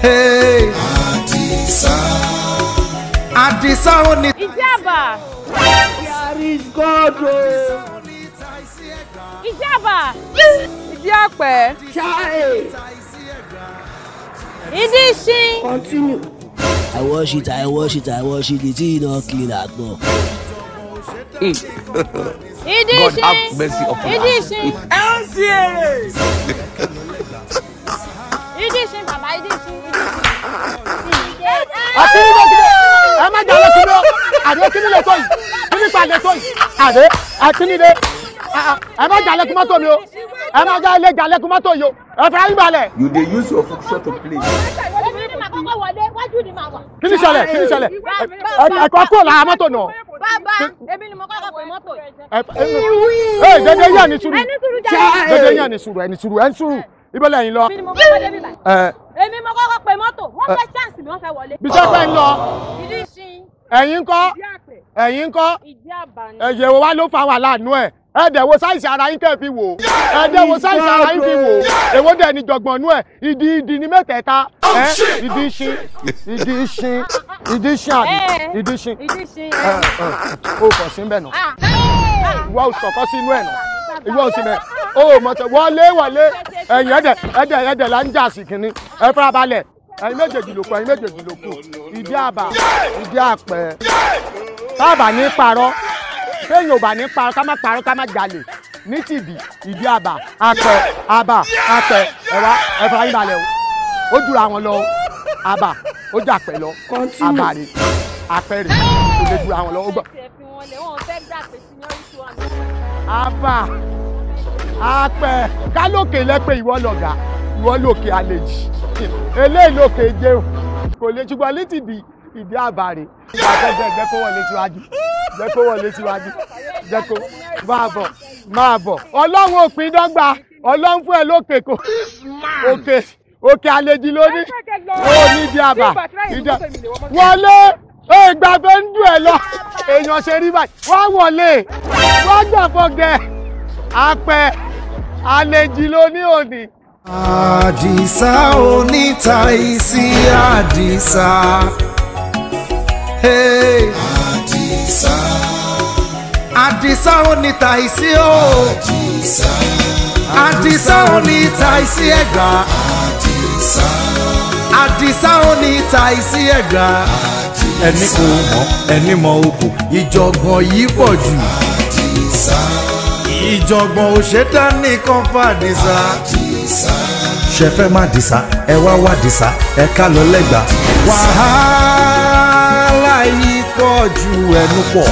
Adisa. Àdìsá ó ní. Ìjábà. There is God o. Ijaba. Ìdí àpẹ́. Ṣáì. Ìdí ìṣin. Continue. I wash it, I wash it, I wash it, it is not clean at all. Ìdí ìṣin. God have mercy upon us. Ìdí ìṣin. Ẹ ń ṣe èrè àkíní ló kíní ẹ má jà lọ́kùnrin lọ àdé kíní lè tó yìí kíní pa lè tó yìí àdé àkíní lè ẹ má jà lẹ́kùn mọ́tò mi o ẹ má jà lè jà lẹ́kùn mọ́tò yìí o ẹ fẹ́ yín balẹ̀. you dey use your foot function to play. kí ni ṣẹlẹ̀ kí ni ṣẹlẹ̀ ẹ̀kọ́ kúrò lára mọ́tò náà. bàbá èmi ni mo kọ́kọ́ pè mọ́tò yìí. ee dede yẹ ni sùúrù dede yẹ ni sùúrù ẹni sùúrù ẹni sùúrù ibẹ̀ lẹ́yìn lọ pe mọ́tò wọ́n eh. fẹ́ chance mi wọ́n fẹ́ wọlé. bísí ọpẹ ń lọ ẹ̀yin kọ́ ẹ̀yin kọ́ ẹ̀yẹ̀ wo wá ló fa wà láàánú ẹ̀ ẹ dẹ̀ wo sáìsì ara yín kẹ́ fi wò ẹ dẹ̀ wo sáìsì ara yín fi wò èwo dẹ̀ ni jọ̀gbọ̀nú ẹ̀ ìdí ìdí ni mẹ́tẹ̀ẹ̀ta ẹ ìdí ṣin ìdí ṣin ìdí ṣin àbí ìdí ṣin o kò sí bẹ́ẹ̀ nà ah, ìwọ ò sọ̀kọ́ sí inú ẹ̀ nà ìwọ ò sí bẹ́ẹ̀ o mọ̀tẹ̀ wọlé wọlé ẹ̀yìn ẹ̀dẹ̀ ẹ̀dẹ̀ ẹ̀dẹ̀ là ń jà sí kínní ẹ fara balẹ̀ ẹyin méjèèjì ló kù ẹyin méjèèjì ló kù ìdí àbà ìdí àpẹ táàbà ní parọ́ téèyàn ò bá ní parọ́ ká má parọ́ ká má jalè ní tìbí ìdí àbà àpẹ àbà àpẹ ẹwà ẹfọ ayé balẹ̀ o ó jura wọn lọ àbà ó jà pẹ̀ lọ àbà rè àpẹ rè ó lè jura wọn lọ ó gbọ́. àbà àpẹ kálókè lẹ́pẹ̀ ìwọ lọ̀gá wọ́n lòkè àlejì eléyìí lòkè jẹun kò lè ṣùgbọ́n létí ìdí ìdí àbàrè àtẹ̀jẹ̀ jẹ́ kó wọlé síwájú jẹ́ kó wọlé síwájú jẹ́ kó máa bọ̀ máa bọ̀ ọlọ́run òpin dọ́gba ọlọ́run fún ẹ lókè kò òkè òkè àlejì lóní ó ní ìdí àbà ìdí wọlé ìgbà tó ń dùn ẹ lọ èèyàn ṣe rí báyìí wọ́n wọlé wọ́n gbà fọ́gẹ̀ apẹ̀ àlejì lóní òní àdìsá oníta ìsí àdìsá. àdìsá. àdìsá oníta ìsí o. àdìsá. àdìsá oníta ìsí ẹ̀gbá. àdìsá. àdìsá oníta ìsí ẹ̀gbá. ẹni kò mọ̀ ẹni mọ̀ okò ìjọ̀gbọ̀n yìí pọ̀ jù. àdìsá. ìjọ̀gbọ̀n ò ṣe dá nìkan fàdísá. àdìsá ṣe fẹ́ má dìsá ẹ wá wá dìsá ẹ ká lọ lẹ́gbàá. wàhálà yìí pọ̀ ju ẹnu pọ̀.